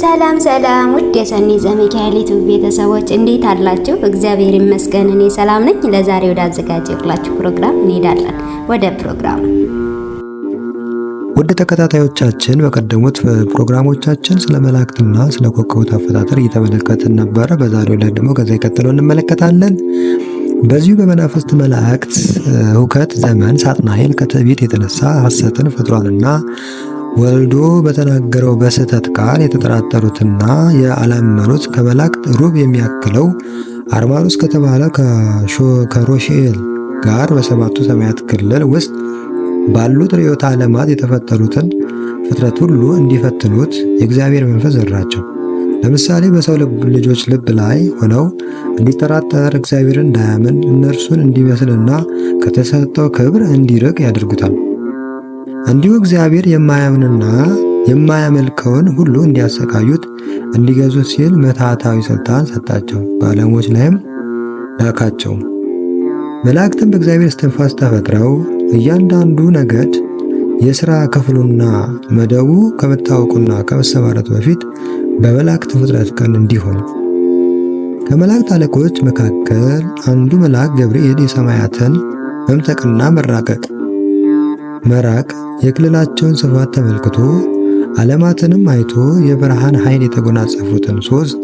ሰላም ሰላም ውድ የሰኒ ዘሚካኤል ዩቲዩብ ቤተሰቦች እንዴት አላችሁ? እግዚአብሔር ይመስገን እኔ ሰላም ነኝ። ለዛሬ ወደ አዘጋጀሁላችሁ ፕሮግራም እንሄዳለን። ወደ ፕሮግራም ውድ ተከታታዮቻችን በቀደሙት ፕሮግራሞቻችን ስለ መላእክትና ስለ ኮከቦት አፈጣጠር እየተመለከትን ነበረ። በዛሬው ላይ ደግሞ ከዛ የቀጥለው እንመለከታለን። በዚሁ በመናፍስት መላእክት ሁከት ዘመን ሳጥናኤል ከትዕቢት የተነሳ ሐሰትን ፈጥሯልና ወልዶ በተናገረው በስህተት ቃል የተጠራጠሩትና የአላመኑት ከመላእክት ሩብ የሚያክለው አርማኖስ ከተባለ ከሮሼል ጋር በሰባቱ ሰማያት ክልል ውስጥ ባሉት ርዕዮተ ዓለማት የተፈጠሩትን ፍጥረት ሁሉ እንዲፈትኑት የእግዚአብሔር መንፈስ ዘራቸው። ለምሳሌ በሰው ልጆች ልብ ላይ ሆነው እንዲጠራጠር፣ እግዚአብሔርን እንዳያምን፣ እነርሱን እንዲመስልና ከተሰጠው ክብር እንዲርቅ ያደርጉታል። እንዲሁ እግዚአብሔር የማያምንና የማያመልከውን ሁሉ እንዲያሰቃዩት እንዲገዙት ሲል መታታዊ ስልጣን ሰጣቸው፣ በዓለሞች ላይም ላካቸው። መላእክትም በእግዚአብሔር እስትንፋስ ተፈጥረው እያንዳንዱ ነገድ የሥራ ክፍሉና መደቡ ከመታወቁና ከመሰማረቱ በፊት በመላእክት ፍጥረት ቀን እንዲሆን ከመላእክት አለቆች መካከል አንዱ መልአክ ገብርኤል የሰማያትን መምጠቅና መራቀቅ መራቅ የክልላቸውን ስፋት ተመልክቶ ዓለማትንም አይቶ የብርሃን ኃይል የተጎናጸፉትን ሶስት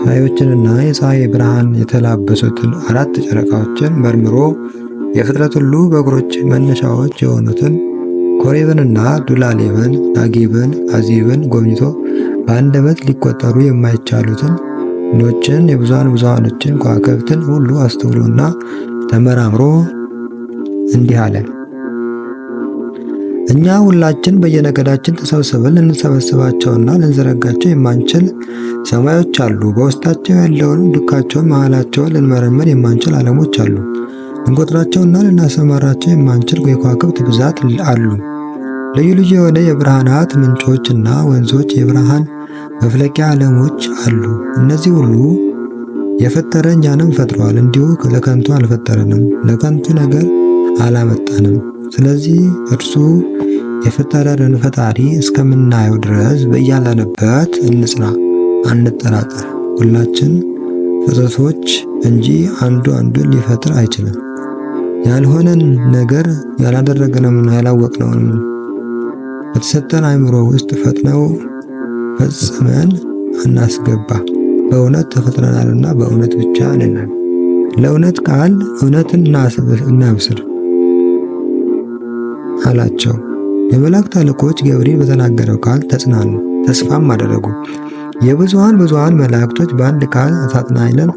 ፀሐዮችንና የፀሐይ ብርሃን የተላበሱትን አራት ጨረቃዎችን መርምሮ የፍጥረት ሁሉ በእግሮች መነሻዎች የሆኑትን ኮሬብንና ዱላሌብን፣ ናጌብን፣ አዚብን ጎብኝቶ በአንደበት ሊቆጠሩ የማይቻሉትን ኖችን የብዙሃን ብዙሃኖችን ከዋክብትን ሁሉ አስተውሎና ተመራምሮ እንዲህ አለን። እኛ ሁላችን በየነገዳችን ተሰብስበን ልንሰበስባቸውና ልንዘረጋቸው የማንችል ሰማዮች አሉ። በውስጣቸው ያለውን ልካቸውን፣ መሃላቸውን ልንመረመር የማንችል ዓለሞች አሉ። ልንቆጥራቸውና ልናሰማራቸው የማንችል የከዋክብት ብዛት አሉ። ልዩ ልዩ የሆነ የብርሃናት ምንጮች እና ወንዞች፣ የብርሃን መፍለቂያ ዓለሞች አሉ። እነዚህ ሁሉ የፈጠረ እኛንም ፈጥሯል። እንዲሁ ለከንቱ አልፈጠረንም፣ ለከንቱ ነገር አላመጣንም። ስለዚህ እርሱ የፈጠረንን ፈጣሪ እስከምናየው ድረስ በያለንበት እንጽና፣ አንጠራጠር። ሁላችን ፍጥረቶች እንጂ አንዱ አንዱን ሊፈጥር አይችልም። ያልሆነን ነገር ያላደረግነውና ያላወቅነውን በተሰጠን አይምሮ ውስጥ ፈጥነው ፈጽመን አናስገባ። በእውነት ተፈጥረናልና በእውነት ብቻ እንናል። ለእውነት ቃል እውነትን እናብስር። አላቸው። የመላእክት አለቆች ገብርኤል በተናገረው ቃል ተጽናኑ፣ ተስፋም አደረጉ። የብዙሃን ብዙሃን መላእክቶች በአንድ ቃል ሳጥናኤልን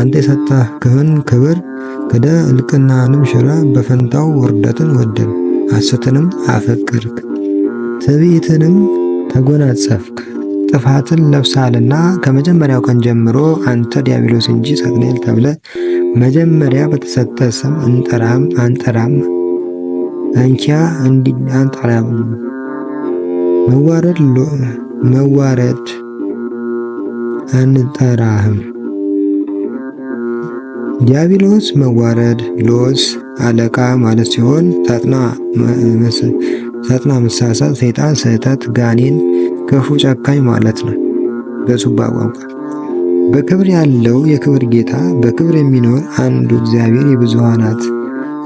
አንተ የሰጠህን ክብር ክደ እልቅናንም ሽረ በፈንታው ውርደትን ወደድ፣ ሐሰትንም አፈቅርክ ትዕቢትንም ተጎናጸፍክ፣ ጥፋትን ለብሳልና ከመጀመሪያው ቀን ጀምሮ አንተ ዲያብሎስ እንጂ ሳጥናኤል ተብለ መጀመሪያ በተሰጠ ስም እንጠራም አንጠራም አንቺ እንዲናንት አላምንም። መዋረድ መዋረድ አንጠራህም። ዲያብሎስ መዋረድ ሎስ አለቃ ማለት ሲሆን ሳጥና መሳሳት፣ ሰይጣን፣ ስህተት፣ ጋኔን፣ ክፉ ጨካኝ ማለት ነው በሱባ ቋንቋ። በክብር ያለው የክብር ጌታ በክብር የሚኖር አንዱ እግዚአብሔር የብዙሃናት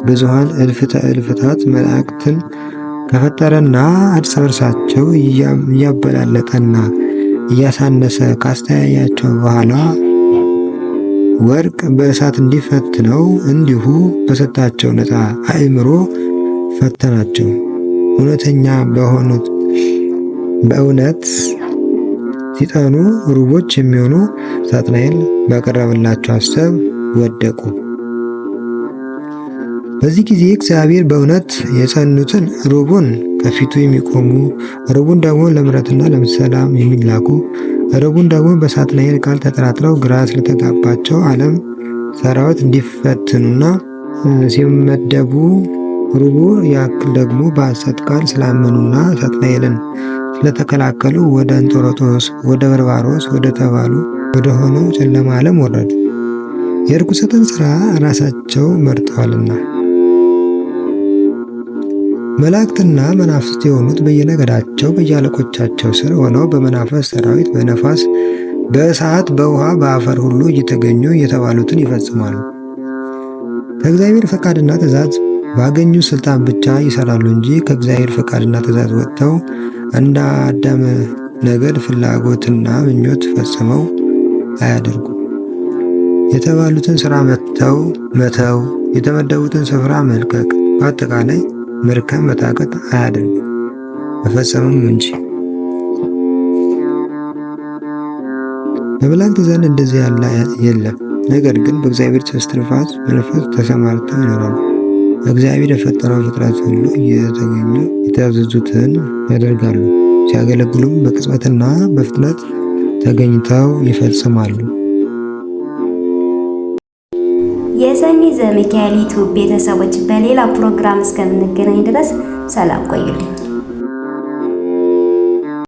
ብዙኃን እልፍተ እልፍታት መላእክትን ከፈጠረና እርስ በርሳቸው እያበላለጠና እያሳነሰ ካስተያያቸው በኋላ ወርቅ በእሳት እንዲፈትነው እንዲሁ በሰጣቸው ነፃ አእምሮ ፈተናቸው። እውነተኛ በሆኑት በእውነት ሲጠኑ ሩቦች የሚሆኑ ሳጥናኤል ባቀረበላቸው አሰብ ወደቁ። በዚህ ጊዜ እግዚአብሔር በእውነት የጸኑትን ርቡን ከፊቱ የሚቆሙ ርቡን ደግሞ ለምረትና ለሰላም የሚላኩ ርቡን ደግሞ በሳጥናኤል ቃል ተጠራጥረው ግራ ስለተጋባቸው ዓለም ሰራዊት እንዲፈትኑና ሲመደቡ ሩቡ ያክል ደግሞ በሐሰት ቃል ስላመኑና ሳጥናኤልን ስለተከላከሉ ወደ እንጦሮጦስ፣ ወደ በርባሮስ ወደ ተባሉ ወደ ሆነው ጨለማ ዓለም ወረዱ። የርኩሰትን ሥራ ራሳቸው መርጠዋልና መላእክትና መናፍስት የሆኑት በየነገዳቸው በየአለቆቻቸው ስር ሆነው በመናፈስ ሰራዊት፣ በነፋስ፣ በእሳት፣ በውሃ፣ በአፈር ሁሉ እየተገኙ የተባሉትን ይፈጽማሉ። ከእግዚአብሔር ፈቃድና ትእዛዝ ባገኙ ስልጣን ብቻ ይሰራሉ እንጂ ከእግዚአብሔር ፈቃድና ትእዛዝ ወጥተው እንደ አዳም ነገድ ፍላጎትና ምኞት ፈጽመው አያደርጉም። የተባሉትን ስራ መተው መተው የተመደቡትን ስፍራ መልቀቅ በአጠቃላይ መርካም በታቀት አያደርግም መፈጸምም እንጂ በመላእክት ዘንድ እንደዚህ ያለ የለም። ነገር ግን በእግዚአብሔር እስትንፋስ መንፈስ ተሰማርተው ይኖራሉ። እግዚአብሔር የፈጠረው ፍጥረት ሁሉ እየተገኙ የታዘዙትን ያደርጋሉ። ሲያገለግሉም በቅጽበትና በፍጥነት ተገኝተው ይፈጽማሉ። የሰኒ ዘሚካኤል ዩቲዩብ ቤተሰቦች በሌላ ፕሮግራም እስከምንገናኝ ድረስ ሰላም ቆዩልኝ።